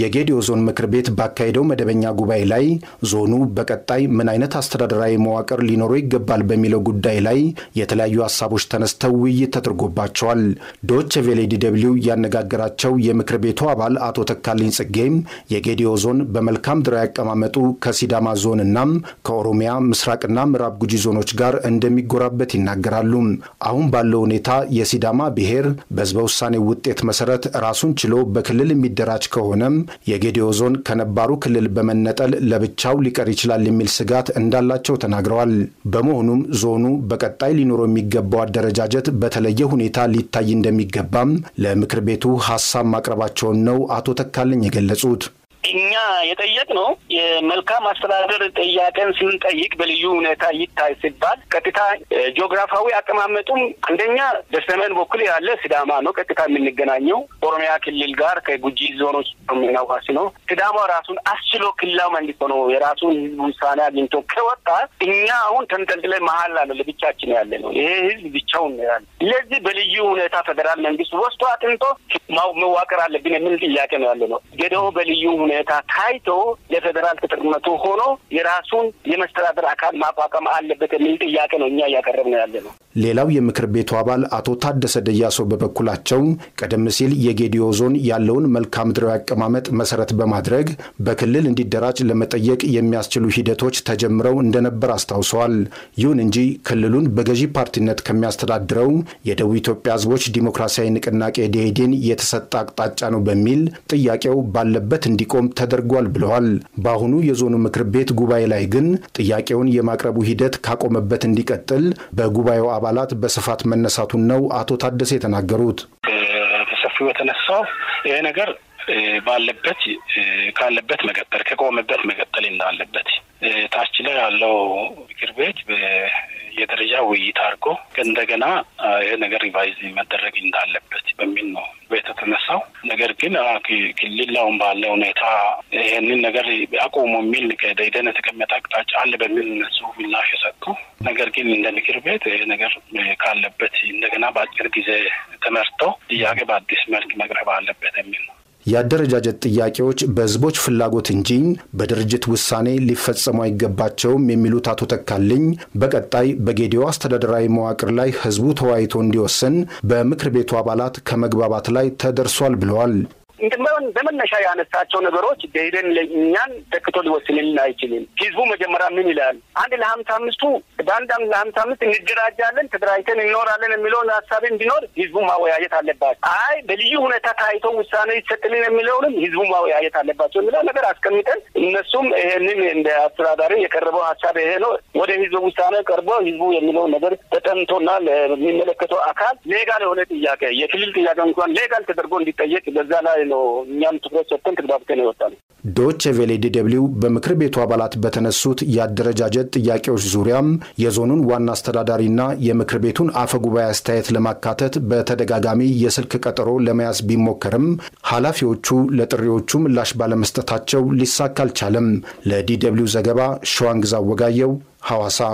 የጌዲዮ ዞን ምክር ቤት ባካሄደው መደበኛ ጉባኤ ላይ ዞኑ በቀጣይ ምን አይነት አስተዳደራዊ መዋቅር ሊኖረው ይገባል በሚለው ጉዳይ ላይ የተለያዩ ሀሳቦች ተነስተው ውይይት ተደርጎባቸዋል። ዶቼ ቬለ ዲደብሊው ያነጋገራቸው የምክር ቤቱ አባል አቶ ተካልኝ ጽጌም የጌዲዮ ዞን በመልካም ምድራዊ አቀማመጡ ከሲዳማ ዞንና ከኦሮሚያ ምስራቅና ምዕራብ ጉጂ ዞኖች ጋር እንደሚጎራበት ይናገራሉ። አሁን ባለው ሁኔታ የሲዳማ ብሔር በህዝበ ውሳኔ ውጤት መሰረት ራሱን ችሎ በክልል የሚደራጅ ከሆነም የጌዲዮ ዞን ከነባሩ ክልል በመነጠል ለብቻው ሊቀር ይችላል የሚል ስጋት እንዳላቸው ተናግረዋል። በመሆኑም ዞኑ በቀጣይ ሊኖረው የሚገባው አደረጃጀት በተለየ ሁኔታ ሊታይ እንደሚገባም ለምክር ቤቱ ሀሳብ ማቅረባቸውን ነው አቶ ተካለኝ የገለጹት። እኛ የጠየቅ ነው የመልካም አስተዳደር ጥያቄን ስንጠይቅ በልዩ ሁኔታ ይታይ ሲባል ቀጥታ ጂኦግራፋዊ አቀማመጡም አንደኛ በሰሜን በኩል ያለ ሲዳማ ነው። ቀጥታ የምንገናኘው ኦሮሚያ ክልል ጋር ከጉጂ ዞኖች ሚናዋሲ ነው። ሲዳማ ራሱን አስችሎ ክልላዊ መንግስት ነው የራሱን ህዝብ ውሳኔ አግኝቶ ከወጣ እኛ አሁን ተንጠልጥለን መሀል ነው ለብቻችን ያለ ነው። ይሄ ህዝብ ብቻውን ያለ ስለዚህ በልዩ ሁኔታ ፌዴራል መንግስት ወስቶ አጥንቶ መዋቅር አለብን የሚል ጥያቄ ነው ያለ ነው ገደው በልዩ ሁኔታ ታይቶ የፌዴራል ተጠቅመቱ ሆኖ የራሱን የመስተዳደር አካል ማቋቋም አለበት የሚል ጥያቄ ነው እኛ እያቀረብን ያለ ነው። ሌላው የምክር ቤቱ አባል አቶ ታደሰ ደያሶ በበኩላቸው ቀደም ሲል የጌዲዮ ዞን ያለውን መልክዓ ምድራዊ አቀማመጥ መሰረት በማድረግ በክልል እንዲደራጅ ለመጠየቅ የሚያስችሉ ሂደቶች ተጀምረው እንደነበር አስታውሰዋል። ይሁን እንጂ ክልሉን በገዢ ፓርቲነት ከሚያስተዳድረው የደቡብ ኢትዮጵያ ሕዝቦች ዲሞክራሲያዊ ንቅናቄ ደኢህዴን የተሰጠ አቅጣጫ ነው በሚል ጥያቄው ባለበት እንዲቆም እንዲቆም ተደርጓል ብለዋል። በአሁኑ የዞኑ ምክር ቤት ጉባኤ ላይ ግን ጥያቄውን የማቅረቡ ሂደት ካቆመበት እንዲቀጥል በጉባኤው አባላት በስፋት መነሳቱን ነው አቶ ታደሰ የተናገሩት። በሰፊው የተነሳው ይሄ ነገር ባለበት ካለበት መቀጠል ከቆመበት መቀጠል እንዳለበት ታች ላይ ያለው እንደገና ይህ ነገር ሪቫይዝ መደረግ እንዳለበት በሚል ነው የተነሳው። ነገር ግን ክልላውን ባለ ሁኔታ ይህንን ነገር አቆሙ የሚል ደይደን የተቀመጠ አቅጣጫ አለ በሚል እነሱ ምላሽ የሰጡ ነገር ግን እንደ ምክር ቤት ይህ ነገር ካለበት እንደገና በአጭር ጊዜ ተመርተው ጥያቄ በአዲስ መልክ መቅረብ አለበት የሚል ነው። የአደረጃጀት ጥያቄዎች በህዝቦች ፍላጎት እንጂ በድርጅት ውሳኔ ሊፈጸሙ አይገባቸውም የሚሉት አቶ ተካልኝ በቀጣይ በጌዲዮ አስተዳደራዊ መዋቅር ላይ ህዝቡ ተወያይቶ እንዲወስን በምክር ቤቱ አባላት ከመግባባት ላይ ተደርሷል ብለዋል። በመነሻ ያነሳቸው ነገሮች በሂደን ለእኛን ተክቶ ሊወስንልን አይችልም። ህዝቡ መጀመሪያ ምን ይላል? አንድ ለሀምሳ አምስቱ በአንድ ለሀምሳ አምስት እንደራጃለን፣ ተደራጅተን እንኖራለን የሚለውን ሀሳብ እንዲኖር ህዝቡ ማወያየት አለባቸው። አይ በልዩ ሁኔታ ታይቶ ውሳኔ ይሰጥልን የሚለውንም ህዝቡ ማወያየት አለባቸው የሚለው ነገር አስቀምጠን እነሱም ይህንን እንደ አስተዳዳሪ የቀረበው ሀሳብ ይሄ ነው ወደ ህዝብ ውሳኔ ቀርቦ ህዝቡ የሚለውን ነገር ተጠንቶና ለሚመለከተው አካል ሌጋል የሆነ ጥያቄ የክልል ጥያቄ እንኳን ሌጋል ተደርጎ እንዲጠየቅ በዛ ላይ ነው እኛም ትኩረት ሰጥተን ተግባብተ ነው ዶች ቬሌ ዲ በምክር ቤቱ አባላት በተነሱት የአደረጃጀት ጥያቄዎች ዙሪያም የዞኑን ዋና አስተዳዳሪና የምክር ቤቱን አፈ ጉባኤ አስተያየት ለማካተት በተደጋጋሚ የስልክ ቀጠሮ ለመያዝ ቢሞከርም ኃላፊዎቹ ለጥሪዎቹ ምላሽ ባለመስጠታቸው ሊሳካ አልቻለም። ለዲ ዘገባ ሸዋንግዛ ወጋየው ሐዋሳ